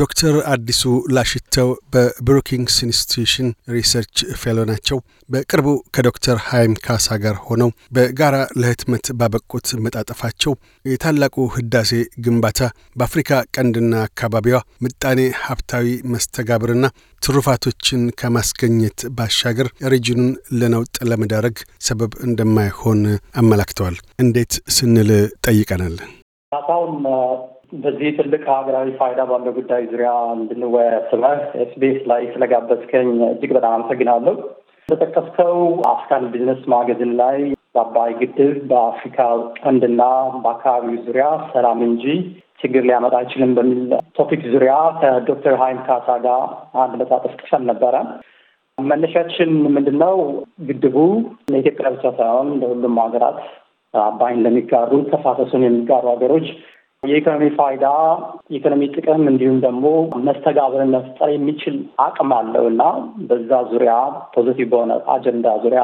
ዶክተር አዲሱ ላሽተው በብሩኪንግስ ኢንስቲትዩሽን ሪሰርች ፌሎ ናቸው። በቅርቡ ከዶክተር ሀይም ካሳ ጋር ሆነው በጋራ ለህትመት ባበቁት መጣጠፋቸው የታላቁ ህዳሴ ግንባታ በአፍሪካ ቀንድና አካባቢዋ ምጣኔ ሀብታዊ መስተጋብርና ትሩፋቶችን ከማስገኘት ባሻገር ሪጅኑን ለነውጥ ለመዳረግ ሰበብ እንደማይሆን አመላክተዋል። እንዴት ስንል ጠይቀናል። ካሳሁን በዚህ ትልቅ ሀገራዊ ፋይዳ ባለው ጉዳይ ዙሪያ እንድንወያይ ስለህ ኤስቢኤስ ላይ ስለጋበዝከኝ እጅግ በጣም አመሰግናለሁ። በጠቀስከው አፍሪካን ቢዝነስ ማገዝን ላይ በአባይ ግድብ በአፍሪካ ቀንድና በአካባቢው ዙሪያ ሰላም እንጂ ችግር ሊያመጣ አይችልም በሚል ቶፒክ ዙሪያ ከዶክተር ሀይም ካሳ ጋር አንድ መጣጠፍ ቅሰም ነበረ። መነሻችን ምንድን ነው? ግድቡ ለኢትዮጵያ ብቻ ሳይሆን ለሁሉም ሀገራት አባይን ለሚጋሩ ተፋሰሱን የሚጋሩ ሀገሮች የኢኮኖሚ ፋይዳ የኢኮኖሚ ጥቅም እንዲሁም ደግሞ መስተጋብርን መፍጠር የሚችል አቅም አለው እና በዛ ዙሪያ ፖዚቲቭ በሆነ አጀንዳ ዙሪያ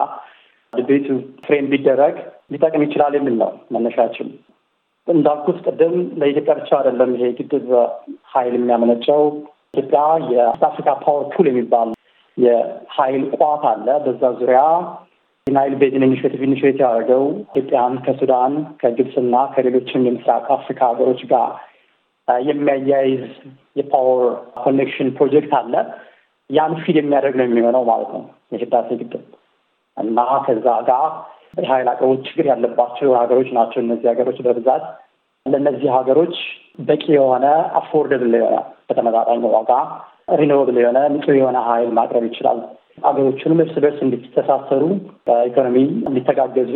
ድቤቱ ፍሬም ቢደረግ ሊጠቅም ይችላል የሚል ነው መነሻችን። እንዳልኩት ቅድም ለኢትዮጵያ ብቻ አይደለም ይሄ ግድብ ኃይል የሚያመነጨው። ኢትዮጵያ የአፍሪካ ፓወር ፑል የሚባል የኃይል ቋት አለ። በዛ ዙሪያ የናይል ቤዝን ኢኒሽቲቭ ኢኒሽቲቭ ያደረገው ኢትዮጵያን ከሱዳን ከግብፅና ከሌሎችም የምስራቅ አፍሪካ ሀገሮች ጋር የሚያያይዝ የፓወር ኮኔክሽን ፕሮጀክት አለ። ያን ፊድ የሚያደርግ ነው የሚሆነው ማለት ነው የህዳሴ ግድብ እና ከዛ ጋር የሀይል አቅርቦት ችግር ያለባቸው ሀገሮች ናቸው። እነዚህ ሀገሮች በብዛት ለእነዚህ ሀገሮች በቂ የሆነ አፎርደብል የሆነ በተመጣጣኝ ዋጋ ሪኖብል የሆነ ንጹህ የሆነ ሀይል ማቅረብ ይችላል። አገሮቹንም እርስ በርስ እንዲተሳሰሩ፣ ኢኮኖሚ እንዲተጋገዙ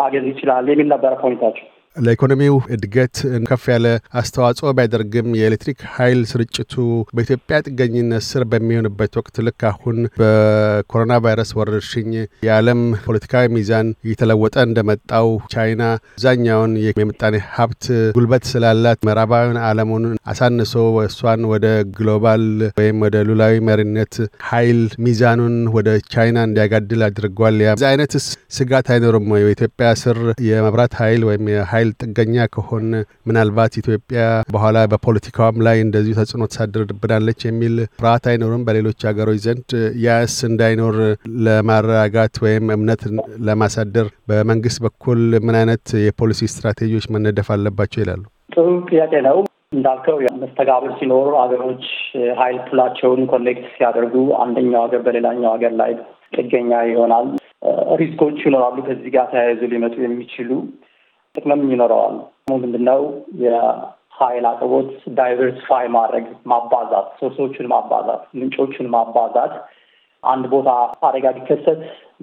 ማገዝ ይችላል የሚል ነበረ ሁኔታቸው። ለኢኮኖሚው እድገት ከፍ ያለ አስተዋጽኦ ባያደርግም የኤሌክትሪክ ኃይል ስርጭቱ በኢትዮጵያ ጥገኝነት ስር በሚሆንበት ወቅት ልክ አሁን በኮሮና ቫይረስ ወረርሽኝ የዓለም ፖለቲካዊ ሚዛን እየተለወጠ እንደመጣው ቻይና አብዛኛውን የምጣኔ ሀብት ጉልበት ስላላት ምዕራባዊን ዓለሙን አሳንሶ እሷን ወደ ግሎባል ወይም ወደ ሉላዊ መሪነት ኃይል ሚዛኑን ወደ ቻይና እንዲያጋድል አድርጓል። ያ አይነት ስጋት አይኖርም? የኢትዮጵያ ስር የመብራት ኃይል ወይም ኃይል ጥገኛ ከሆን ምናልባት ኢትዮጵያ በኋላ በፖለቲካዋም ላይ እንደዚሁ ተጽዕኖ ተሳድርብናለች የሚል ፍርሃት አይኖርም? በሌሎች ሀገሮች ዘንድ ያስ እንዳይኖር ለማረጋጋት ወይም እምነት ለማሳደር በመንግስት በኩል ምን አይነት የፖሊሲ ስትራቴጂዎች መነደፍ አለባቸው ይላሉ? ጥሩ ጥያቄ ነው። እንዳልከው መስተጋብር ሲኖር ሀገሮች ኃይል ፑላቸውን ኮኔክት ሲያደርጉ አንደኛው ሀገር በሌላኛው ሀገር ላይ ጥገኛ ይሆናል። ሪስኮች ይኖራሉ ከዚህ ጋር ተያይዞ ሊመጡ የሚችሉ ጥቅምም ይኖረዋል። ምንድነው የሀይል አቅርቦት ዳይቨርሲፋይ ማድረግ ማባዛት፣ ሶርሶችን ማባዛት፣ ምንጮችን ማባዛት አንድ ቦታ አደጋ ቢከሰት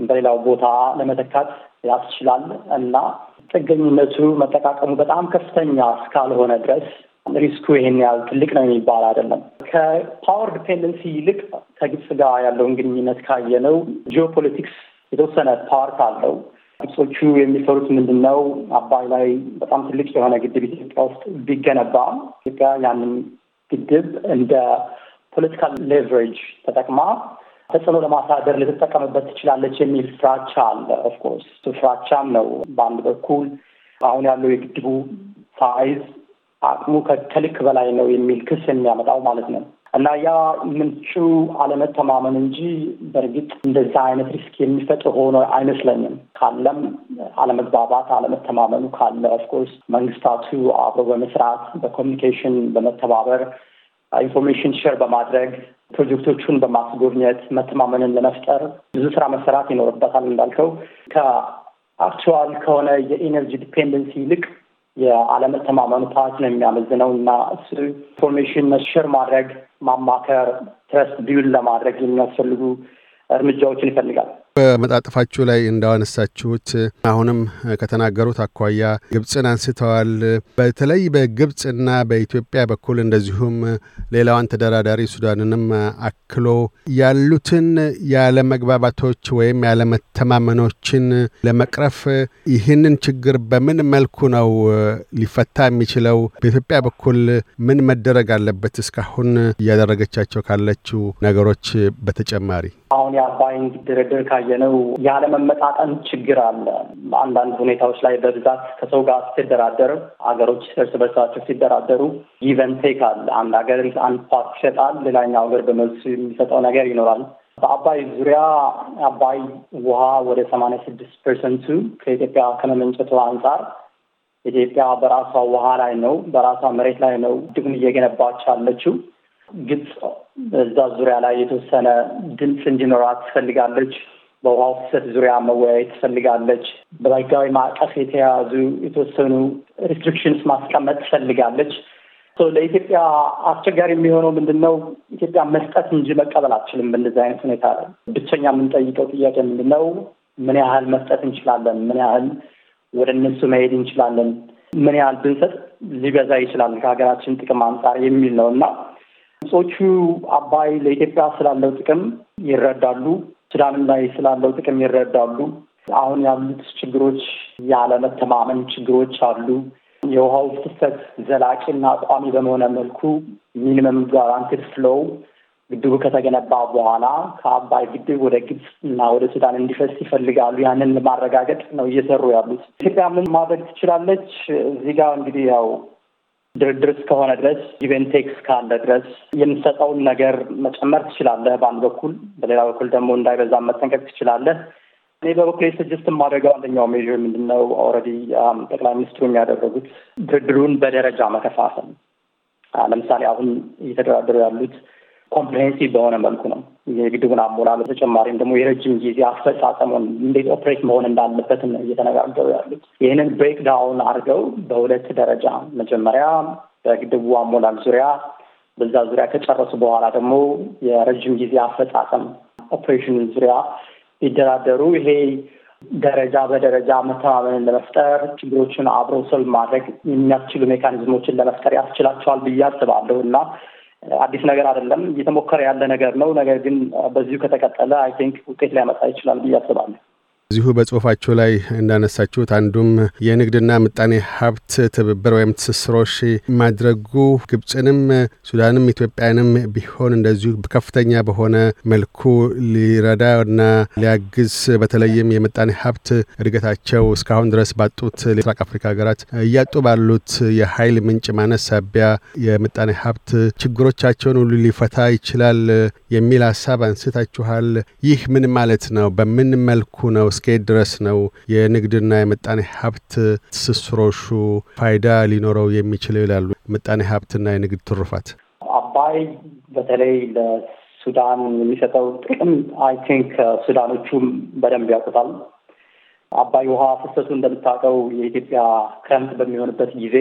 በሌላው ቦታ ለመተካት ያስችላል እና ጥገኝነቱ መጠቃቀሙ በጣም ከፍተኛ እስካልሆነ ድረስ ሪስኩ ይሄን ያህል ትልቅ ነው የሚባል አይደለም። ከፓወር ዲፔንደንሲ ይልቅ ከግብጽ ጋር ያለውን ግንኙነት ካየነው ጂኦፖለቲክስ የተወሰነ ፓርት አለው። ግብጾቹ የሚሰሩት ምንድን ነው? አባይ ላይ በጣም ትልቅ የሆነ ግድብ ኢትዮጵያ ውስጥ ቢገነባ ኢትዮጵያ ያንን ግድብ እንደ ፖለቲካል ሌቨሬጅ ተጠቅማ ተጽዕኖ ለማሳደር ልትጠቀምበት ትችላለች የሚል ፍራቻ አለ። ኦፍኮርስ ፍራቻም ነው። በአንድ በኩል አሁን ያለው የግድቡ ሳይዝ አቅሙ ከልክ በላይ ነው የሚል ክስ የሚያመጣው ማለት ነው። እና ያ ምንቹ አለመተማመን እንጂ በእርግጥ እንደዛ አይነት ሪስክ የሚፈጥር ሆኖ አይመስለኝም። ካለም አለመግባባት፣ አለመተማመኑ ካለ ኦፍኮርስ መንግስታቱ አብሮ በመስራት በኮሚኒኬሽን በመተባበር ኢንፎርሜሽን ሼር በማድረግ ፕሮጀክቶቹን በማስጎብኘት መተማመንን ለመፍጠር ብዙ ስራ መሰራት ይኖርበታል። እንዳልከው ከአክቹዋል ከሆነ የኢነርጂ ዲፔንደንሲ ይልቅ የአለመተማመኑ ፓርት ነው የሚያመዝነው እና ኢንፎርሜሽን መሸር ማድረግ፣ ማማከር፣ ትረስት ቢውል ለማድረግ የሚያስፈልጉ እርምጃዎችን ይፈልጋል። በመጣጥፋችሁ ላይ እንዳነሳችሁት አሁንም ከተናገሩት አኳያ ግብፅን አንስተዋል። በተለይ በግብፅና በኢትዮጵያ በኩል እንደዚሁም ሌላዋን ተደራዳሪ ሱዳንንም አክሎ ያሉትን ያለመግባባቶች ወይም ያለመተማመኖችን ለመቅረፍ ይህንን ችግር በምን መልኩ ነው ሊፈታ የሚችለው? በኢትዮጵያ በኩል ምን መደረግ አለበት? እስካሁን እያደረገቻቸው ካለችው ነገሮች በተጨማሪ አሁን የአባይን ድርድር ያየነው ያለመመጣጠን ችግር አለ። በአንዳንድ ሁኔታዎች ላይ በብዛት ከሰው ጋር ሲደራደር፣ አገሮች እርስ በርሳቸው ሲደራደሩ ጊቨንቴክ አለ። አንድ ሀገር አንድ ፓርት ይሸጣል፣ ሌላኛው ሀገር በመልሱ የሚሰጠው ነገር ይኖራል። በአባይ ዙሪያ አባይ ውሃ ወደ ሰማንያ ስድስት ፐርሰንቱ ከኢትዮጵያ ከመመንጨቱ አንጻር ኢትዮጵያ በራሷ ውሃ ላይ ነው፣ በራሷ መሬት ላይ ነው ድግም እየገነባች ያለችው። ግብጽ በዛ ዙሪያ ላይ የተወሰነ ድምፅ እንዲኖራት ትፈልጋለች። በውሃው ፍሰት ዙሪያ መወያየት ትፈልጋለች። በህጋዊ ማዕቀፍ የተያዙ የተወሰኑ ሪስትሪክሽንስ ማስቀመጥ ትፈልጋለች። ለኢትዮጵያ አስቸጋሪ የሚሆነው ምንድን ነው? ኢትዮጵያ መስጠት እንጂ መቀበል አችልም። በእንደዚህ አይነት ሁኔታ ብቸኛ የምንጠይቀው ጥያቄ ምንድን ነው? ምን ያህል መስጠት እንችላለን? ምን ያህል ወደ እነሱ መሄድ እንችላለን? ምን ያህል ብንሰጥ ሊበዛ ይችላል ከሀገራችን ጥቅም አንጻር የሚል ነው እና ድምፆቹ አባይ ለኢትዮጵያ ስላለው ጥቅም ይረዳሉ። ሱዳንም ላይ ስላለው ጥቅም ይረዳሉ። አሁን ያሉት ችግሮች ያለመተማመን ችግሮች አሉ። የውሃው ፍሰት ዘላቂና ቋሚ በመሆነ መልኩ ሚኒመም ጋራንትድ ፍሎው ግድቡ ከተገነባ በኋላ ከአባይ ግድብ ወደ ግብፅ እና ወደ ሱዳን እንዲፈስ ይፈልጋሉ። ያንን ለማረጋገጥ ነው እየሰሩ ያሉት። ኢትዮጵያ ምን ማድረግ ትችላለች? እዚህ ጋር እንግዲህ ያው ድርድር እስከሆነ ድረስ ኢቨንቴክ እስካለ ድረስ የምትሰጠውን ነገር መጨመር ትችላለህ በአንድ በኩል፣ በሌላ በኩል ደግሞ እንዳይበዛ መጠንቀቅ ትችላለህ። እኔ በበኩል ስጅስት የማደርገው አንደኛው ሜዥር ምንድነው ኦልሬዲ um, ጠቅላይ ሚኒስትሩ የሚያደረጉት ድርድሩን በደረጃ መከፋፈል። uh, ለምሳሌ አሁን እየተደራደሩ ያሉት ኮምፕሬሄንሲቭ በሆነ መልኩ ነው የግድቡን አሞላል። በተጨማሪም ደግሞ የረጅም ጊዜ አፈጻጸሙን እንዴት ኦፕሬት መሆን እንዳለበትም እየተነጋገሩ ያሉት ይህንን ብሬክ ዳውን አድርገው በሁለት ደረጃ መጀመሪያ በግድቡ አሞላል ዙሪያ በዛ ዙሪያ ከጨረሱ በኋላ ደግሞ የረጅም ጊዜ አፈጻጸም ኦፕሬሽን ዙሪያ ሊደራደሩ ይሄ ደረጃ በደረጃ መተማመንን ለመፍጠር ችግሮችን አብሮ ሰል ማድረግ የሚያስችሉ ሜካኒዝሞችን ለመፍጠር ያስችላቸዋል ብዬ አስባለሁ እና አዲስ ነገር አይደለም፣ እየተሞከረ ያለ ነገር ነው። ነገር ግን በዚሁ ከተቀጠለ አይ ቲንክ ውጤት ሊያመጣ ይችላል ብዬ አስባለሁ። እዚሁ በጽሁፋቸው ላይ እንዳነሳችሁት አንዱም የንግድና ምጣኔ ሀብት ትብብር ወይም ትስስሮሽ ማድረጉ ግብፅንም ሱዳንም ኢትዮጵያንም ቢሆን እንደዚሁ ከፍተኛ በሆነ መልኩ ሊረዳና ሊያግዝ በተለይም የምጣኔ ሀብት እድገታቸው እስካሁን ድረስ ባጡት ምስራቅ አፍሪካ ሀገራት እያጡ ባሉት የኃይል ምንጭ ማነስ ሳቢያ የምጣኔ ሀብት ችግሮቻቸውን ሁሉ ሊፈታ ይችላል የሚል ሀሳብ አንስታችኋል። ይህ ምን ማለት ነው? በምን መልኩ ነው እስከየት ድረስ ነው የንግድና የምጣኔ ሀብት ትስስሮሹ ፋይዳ ሊኖረው የሚችለው ይላሉ? ምጣኔ ሀብትና የንግድ ትሩፋት አባይ በተለይ ለሱዳን የሚሰጠው ጥቅም አይ ቲንክ ሱዳኖቹም በደንብ ያውቁታል። አባይ ውሃ ፍሰቱ እንደምታውቀው የኢትዮጵያ ክረምት በሚሆንበት ጊዜ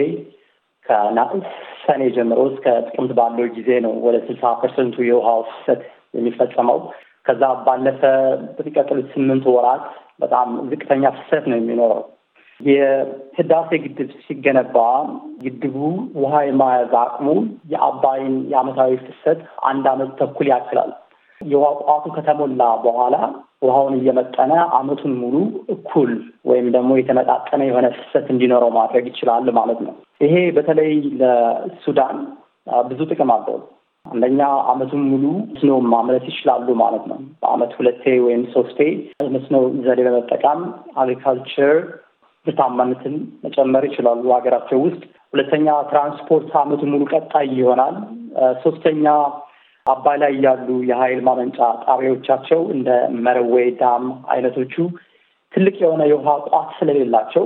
ከናቅስ ሰኔ ጀምሮ እስከ ጥቅምት ባለው ጊዜ ነው ወደ ስልሳ ፐርሰንቱ የውሃ ፍሰት የሚፈጸመው። ከዛ ባለፈ በሚቀጥሉት ስምንት ወራት በጣም ዝቅተኛ ፍሰት ነው የሚኖረው። የህዳሴ ግድብ ሲገነባ ግድቡ ውሃ የማያዝ አቅሙ የአባይን የአመታዊ ፍሰት አንድ አመት ተኩል ያክላል። የውሃ ቋቱ ከተሞላ በኋላ ውሃውን እየመጠነ አመቱን ሙሉ እኩል ወይም ደግሞ የተመጣጠነ የሆነ ፍሰት እንዲኖረው ማድረግ ይችላል ማለት ነው። ይሄ በተለይ ለሱዳን ብዙ ጥቅም አለው። አንደኛ አመቱን ሙሉ መስኖ ማምረት ይችላሉ ማለት ነው። በአመት ሁለቴ ወይም ሶስቴ መስኖ ዘዴ በመጠቀም አግሪካልቸር ምርታማነትን መጨመር ይችላሉ ሀገራቸው ውስጥ። ሁለተኛ ትራንስፖርት አመቱን ሙሉ ቀጣይ ይሆናል። ሶስተኛ አባይ ላይ ያሉ የሀይል ማመንጫ ጣቢያዎቻቸው እንደ መረዌ ዳም አይነቶቹ ትልቅ የሆነ የውሃ ቋት ስለሌላቸው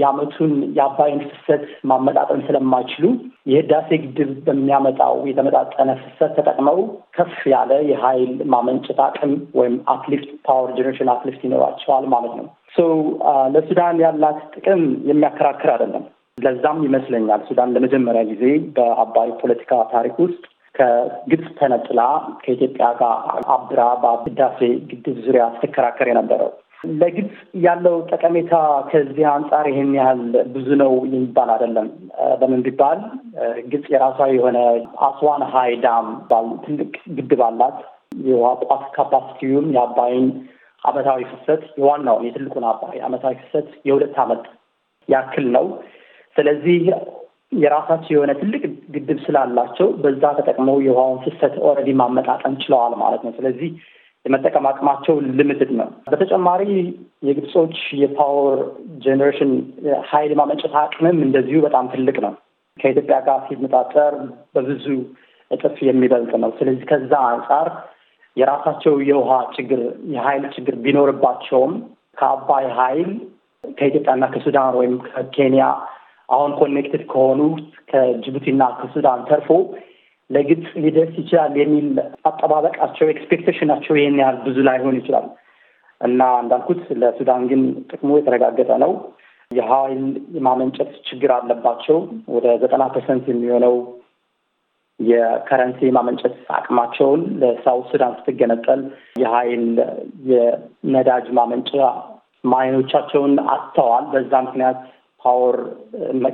የአመቱን የአባይን ፍሰት ማመጣጠን ስለማይችሉ የህዳሴ ግድብ በሚያመጣው የተመጣጠነ ፍሰት ተጠቅመው ከፍ ያለ የኃይል ማመንጨት አቅም ወይም አፕሊፍት ፓወር ጀኔሬሽን አፕሊፍት ይኖራቸዋል ማለት ነው። ሶ uh, ለሱዳን ያላት ጥቅም የሚያከራክር አይደለም። ለዛም ይመስለኛል ሱዳን ለመጀመሪያ ጊዜ በአባይ ፖለቲካ ታሪክ ውስጥ ከግብፅ ተነጥላ ከኢትዮጵያ ጋር አብራ በህዳሴ ግድብ ዙሪያ ስትከራከር የነበረው ለግብጽ ያለው ጠቀሜታ ከዚህ አንጻር ይህን ያህል ብዙ ነው የሚባል አይደለም። በምን ቢባል ግብጽ የራሷ የሆነ አስዋን ሀይዳም ባል ትልቅ ግድብ አላት። የውሃ ቋፍ ካፓሲቲውም የአባይን አመታዊ ፍሰት የዋናውን የትልቁን አባይ አመታዊ ፍሰት የሁለት አመት ያክል ነው። ስለዚህ የራሳቸው የሆነ ትልቅ ግድብ ስላላቸው በዛ ተጠቅመው የውሃውን ፍሰት ኦልሬዲ ማመጣጠን ችለዋል ማለት ነው። ስለዚህ የመጠቀም አቅማቸው ልምድድ ነው። በተጨማሪ የግብጾች የፓወር ጀኔሬሽን ኃይል ማመንጨት አቅምም እንደዚሁ በጣም ትልቅ ነው። ከኢትዮጵያ ጋር ሲመጣጠር በብዙ እጥፍ የሚበልጥ ነው። ስለዚህ ከዛ አንጻር የራሳቸው የውሃ ችግር የኃይል ችግር ቢኖርባቸውም ከአባይ ኃይል ከኢትዮጵያና ከሱዳን ወይም ከኬንያ አሁን ኮኔክትድ ከሆኑት ከጅቡቲና ከሱዳን ተርፎ ለግብፅ ሊደርስ ይችላል የሚል አጠባበቃቸው ኤክስፔክቴሽናቸው ይህን ያህል ብዙ ላይሆን ይችላል እና እንዳልኩት ለሱዳን ግን ጥቅሙ የተረጋገጠ ነው። የሀይል የማመንጨት ችግር አለባቸው። ወደ ዘጠና ፐርሰንት የሚሆነው የከረንሲ የማመንጨት አቅማቸውን ለሳውት ሱዳን ስትገነጠል የሀይል የነዳጅ ማመንጫ ማይኖቻቸውን አጥተዋል። በዛ ምክንያት ፓወር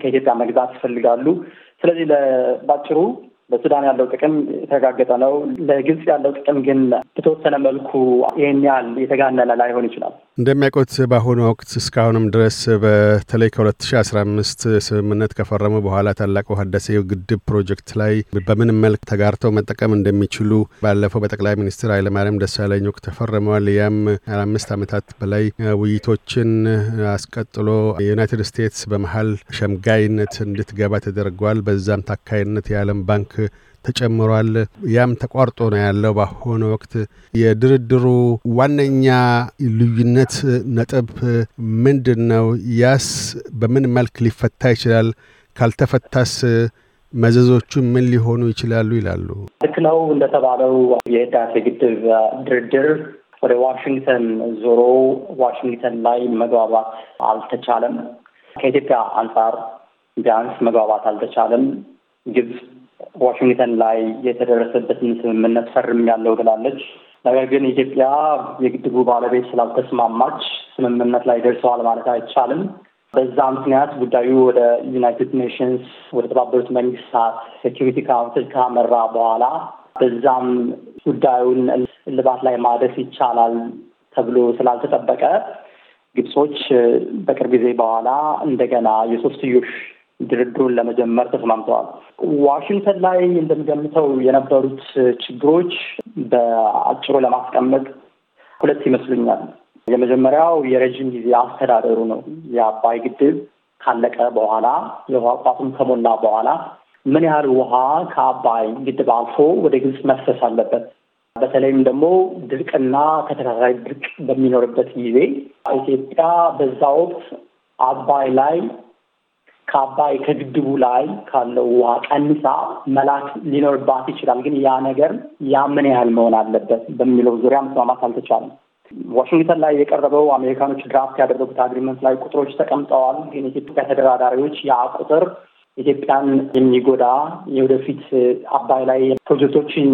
ከኢትዮጵያ መግዛት ይፈልጋሉ። ስለዚህ ለባጭሩ በሱዳን ያለው ጥቅም የተረጋገጠ ነው። ለግብጽ ያለው ጥቅም ግን በተወሰነ መልኩ ይህን ያህል የተጋነነ ላይሆን ይችላል። እንደሚያውቁት በአሁኑ ወቅት እስካሁንም ድረስ በተለይ ከ2015 ስምምነት ከፈረሙ በኋላ ታላቁ ህዳሴ ግድብ ፕሮጀክት ላይ በምን መልክ ተጋርተው መጠቀም እንደሚችሉ ባለፈው በጠቅላይ ሚኒስትር ኃይለማርያም ደሳለኝ ወቅት ተፈርመዋል። ያም አምስት ዓመታት በላይ ውይይቶችን አስቀጥሎ የዩናይትድ ስቴትስ በመሀል ሸምጋይነት እንድትገባ ተደርጓል። በዛም ታካይነት የዓለም ባንክ ተጨምሯል። ያም ተቋርጦ ነው ያለው በአሁኑ ወቅት። የድርድሩ ዋነኛ ልዩነት ነጥብ ምንድን ነው? ያስ በምን መልክ ሊፈታ ይችላል? ካልተፈታስ መዘዞቹ ምን ሊሆኑ ይችላሉ? ይላሉ። ልክ ነው እንደተባለው የህዳሴ ግድብ ድርድር ወደ ዋሽንግተን ዞሮ ዋሽንግተን ላይ መግባባት አልተቻለም። ከኢትዮጵያ አንጻር ቢያንስ መግባባት አልተቻለም። ግብጽ ዋሽንግተን ላይ የተደረሰበትን ስምምነት ፈርም ያለው ብላለች። ነገር ግን ኢትዮጵያ የግድቡ ባለቤት ስላልተስማማች ስምምነት ላይ ደርሰዋል ማለት አይቻልም። በዛ ምክንያት ጉዳዩ ወደ ዩናይትድ ኔሽንስ ወደ ተባበሩት መንግስታት ሴኪሪቲ ካውንስል ካመራ በኋላ በዛም ጉዳዩን እልባት ላይ ማድረስ ይቻላል ተብሎ ስላልተጠበቀ ግብጾች በቅርብ ጊዜ በኋላ እንደገና የሶስትዮሽ ድርድሩን ለመጀመር ተስማምተዋል። ዋሽንግተን ላይ እንደሚገምተው የነበሩት ችግሮች በአጭሩ ለማስቀመጥ ሁለት ይመስሉኛል። የመጀመሪያው የረዥም ጊዜ አስተዳደሩ ነው። የአባይ ግድብ ካለቀ በኋላ የውሃ ቋቱም ከሞላ በኋላ ምን ያህል ውሃ ከአባይ ግድብ አልፎ ወደ ግብጽ መፍሰስ አለበት? በተለይም ደግሞ ድርቅና ተከታታይ ድርቅ በሚኖርበት ጊዜ ኢትዮጵያ በዛ ወቅት አባይ ላይ ከአባይ ከግድቡ ላይ ካለው ውሃ ቀንሳ መላክ ሊኖርባት ይችላል። ግን ያ ነገር ያ ምን ያህል መሆን አለበት በሚለው ዙሪያ መስማማት አልተቻለም። ዋሽንግተን ላይ የቀረበው አሜሪካኖች ድራፍት ያደረጉት አግሪመንት ላይ ቁጥሮች ተቀምጠዋል። ግን የኢትዮጵያ ተደራዳሪዎች ያ ቁጥር ኢትዮጵያን የሚጎዳ የወደፊት አባይ ላይ ፕሮጀክቶችን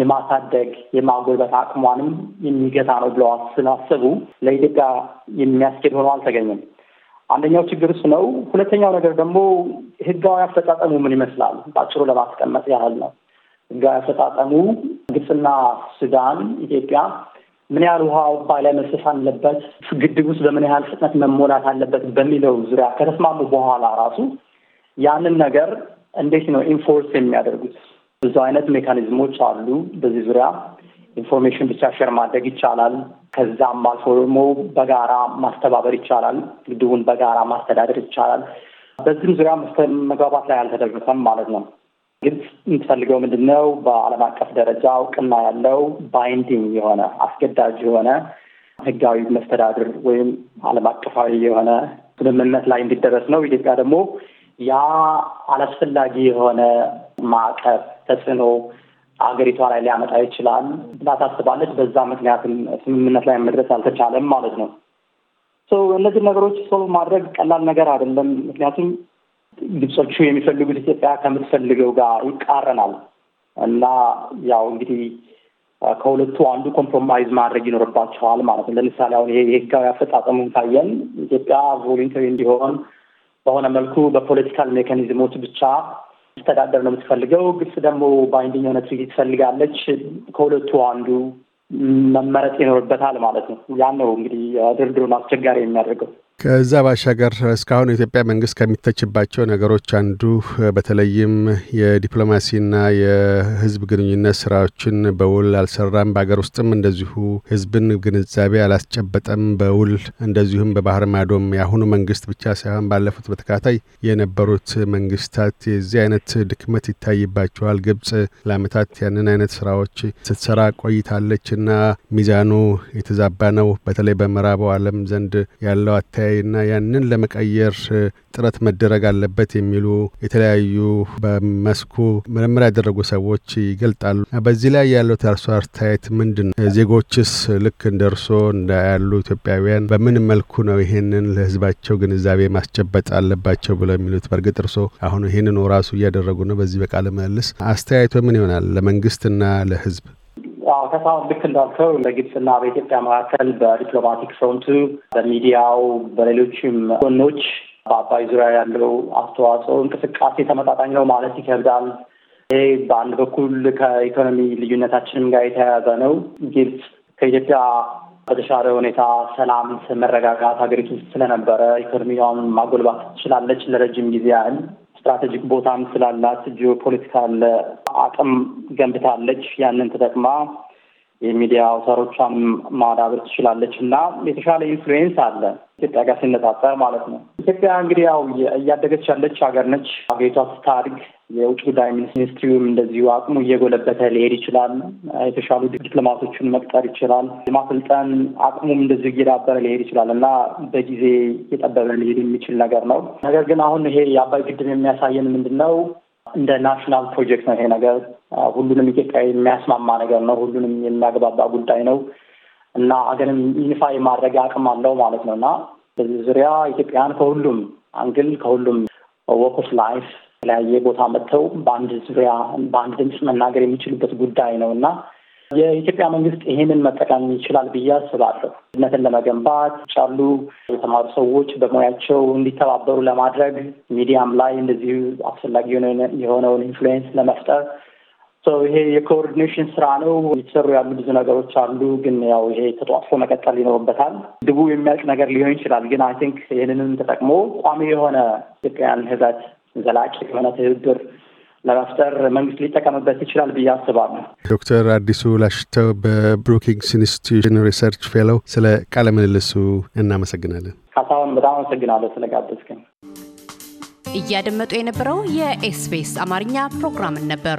የማሳደግ የማጎልበት አቅሟንም የሚገታ ነው ብለው ስላሰቡ ለኢትዮጵያ የሚያስኬድ ሆኖ አልተገኘም። አንደኛው ችግር እሱ ነው። ሁለተኛው ነገር ደግሞ ህጋዊ አፈጻጸሙ ምን ይመስላል? በአጭሩ ለማስቀመጥ ያህል ነው። ህጋዊ አፈጻጸሙ ግብፅና ሱዳን፣ ኢትዮጵያ ምን ያህል ውሃ ባለ አለበት፣ ግድብ ውስጥ በምን ያህል ፍጥነት መሞላት አለበት በሚለው ዙሪያ ከተስማሙ በኋላ ራሱ ያንን ነገር እንዴት ነው ኢንፎርስ የሚያደርጉት? ብዙ አይነት ሜካኒዝሞች አሉ በዚህ ዙሪያ ኢንፎርሜሽን ብቻ ሼር ማድረግ ይቻላል። ከዛም አልፎ ደግሞ በጋራ ማስተባበር ይቻላል። ግድቡን በጋራ ማስተዳደር ይቻላል። በዚህም ዙሪያ መግባባት ላይ አልተደረሰም ማለት ነው። ግብጽ የምትፈልገው ምንድን ነው? በዓለም አቀፍ ደረጃ እውቅና ያለው ባይንዲንግ የሆነ አስገዳጅ የሆነ ህጋዊ መስተዳድር ወይም ዓለም አቀፋዊ የሆነ ስምምነት ላይ እንዲደረስ ነው። ኢትዮጵያ ደግሞ ያ አላስፈላጊ የሆነ ማዕቀብ ተጽዕኖ አገሪቷ ላይ ሊያመጣ ይችላል ብላ ታስባለች። በዛ ምክንያትም ስምምነት ላይ መድረስ አልተቻለም ማለት ነው። እነዚህ ነገሮች ሰው ማድረግ ቀላል ነገር አይደለም። ምክንያቱም ግብጾቹ የሚፈልጉት ኢትዮጵያ ከምትፈልገው ጋር ይቃረናል እና ያው እንግዲህ ከሁለቱ አንዱ ኮምፕሮማይዝ ማድረግ ይኖርባቸዋል ማለት ነው። ለምሳሌ አሁን ይሄ የህጋዊ አፈጻጸሙን ካየን ኢትዮጵያ ቮሊንተሪ እንዲሆን በሆነ መልኩ በፖለቲካል ሜካኒዝሞች ብቻ ስተዳደር ነው የምትፈልገው። ግብጽ ደግሞ ባይንዲንግ ነትሪ ትፈልጋለች። ከሁለቱ አንዱ መመረጥ ይኖርበታል ማለት ነው። ያን ነው እንግዲህ ድርድሩን አስቸጋሪ የሚያደርገው። ከዛ ባሻገር እስካሁን የኢትዮጵያ መንግስት ከሚተችባቸው ነገሮች አንዱ በተለይም የዲፕሎማሲና የሕዝብ ግንኙነት ስራዎችን በውል አልሰራም፣ በሀገር ውስጥም እንደዚሁ ሕዝብን ግንዛቤ አላስጨበጠም በውል እንደዚሁም በባህር ማዶም የአሁኑ መንግስት ብቻ ሳይሆን ባለፉት በተከታታይ የነበሩት መንግስታት የዚህ አይነት ድክመት ይታይባቸዋል። ግብጽ ለአመታት ያንን አይነት ስራዎች ስትሰራ ቆይታለች። እና ሚዛኑ የተዛባ ነው፣ በተለይ በምዕራቡ ዓለም ዘንድ ያለው አተያይና ያንን ለመቀየር ጥረት መደረግ አለበት የሚሉ የተለያዩ በመስኩ ምርምር ያደረጉ ሰዎች ይገልጣሉ። በዚህ ላይ ያለው ተርሶ አስተያየት ምንድን ነው? ዜጎችስ ልክ እንደ እርሶ ያሉ ኢትዮጵያውያን በምን መልኩ ነው ይሄንን ለህዝባቸው ግንዛቤ ማስጨበጥ አለባቸው ብለው የሚሉት? በእርግጥ እርሶ አሁን ይህንኑ ራሱ እያደረጉ ነው። በዚህ በቃለ ምልልስ አስተያየቶ ምን ይሆናል ለመንግስትና ለህዝብ? አዎ ተሳሁን ልክ እንዳልከው በግብፅና በኢትዮጵያ መካከል በዲፕሎማቲክ ፍሮንቱ፣ በሚዲያው፣ በሌሎችም ጎኖች በአባይ ዙሪያ ያለው አስተዋጽኦ እንቅስቃሴ ተመጣጣኝ ነው ማለት ይከብዳል። ይሄ በአንድ በኩል ከኢኮኖሚ ልዩነታችንም ጋር የተያያዘ ነው። ግብፅ ከኢትዮጵያ በተሻለ ሁኔታ ሰላም፣ መረጋጋት ሀገሪቱ ውስጥ ስለነበረ ኢኮኖሚዋን ማጎልባት ትችላለች ለረጅም ጊዜ ያህል ስትራቴጂክ ቦታም ስላላት ጂኦፖለቲካል አቅም ገንብታለች። ያንን ተጠቅማ የሚዲያ አውታሮቿን ማዳበር ትችላለች እና የተሻለ ኢንፍሉዌንስ አለ ኢትዮጵያ ጋር ሲነጻጸር ማለት ነው። ኢትዮጵያ እንግዲህ ያው እያደገች ያለች ሀገር ነች። አገሪቷ ስታድግ የውጭ ጉዳይ ሚኒስትሪውም እንደዚሁ አቅሙ እየጎለበተ ሊሄድ ይችላል። የተሻሉ ዲፕሎማቶችን መቅጠር ይችላል። የማሰልጠን አቅሙም እንደዚሁ እየዳበረ ሊሄድ ይችላል እና በጊዜ የጠበበ ሊሄድ የሚችል ነገር ነው። ነገር ግን አሁን ይሄ የአባይ ግድብ የሚያሳየን ምንድን ነው? እንደ ናሽናል ፕሮጀክት ነው ይሄ ነገር። ሁሉንም ኢትዮጵያ የሚያስማማ ነገር ነው። ሁሉንም የሚያግባባ ጉዳይ ነው እና ሀገርም ይንፋ የማድረግ አቅም አለው ማለት ነው እና በዚህ ዙሪያ ኢትዮጵያን ከሁሉም አንግል ከሁሉም ወኮስ ላይፍ የተለያየ ቦታ መጥተው በአንድ ዙሪያ በአንድ ድምፅ መናገር የሚችሉበት ጉዳይ ነው እና የኢትዮጵያ መንግስት ይሄንን መጠቀም ይችላል ብዬ አስባለሁ። ነትን ለመገንባት ቻሉ የተማሩ ሰዎች በሙያቸው እንዲተባበሩ ለማድረግ ሚዲያም ላይ እንደዚሁ አስፈላጊ የሆነውን ኢንፍሉዌንስ ለመፍጠር ይሄ የኮኦርዲኔሽን ስራ ነው። የተሰሩ ያሉ ብዙ ነገሮች አሉ፣ ግን ያው ይሄ ተጧጥፎ መቀጠል ይኖርበታል። ድቡ የሚያልቅ ነገር ሊሆን ይችላል፣ ግን አይ ቲንክ ይህንንም ተጠቅሞ ቋሚ የሆነ ኢትዮጵያያን ህብረት ዘላቂ የሆነ ትብብር ለመፍጠር መንግስት ሊጠቀምበት ይችላል ብዬ አስባለሁ። ዶክተር አዲሱ ላሽተው በብሩኪንግስ ኢንስቲትዩሽን ሪሰርች ፌሎው፣ ስለ ቃለ ምልልሱ እናመሰግናለን። ካሳሁን፣ በጣም አመሰግናለሁ ስለጋበዝከኝ። እያደመጡ የነበረው የኤስቢኤስ አማርኛ ፕሮግራምን ነበር።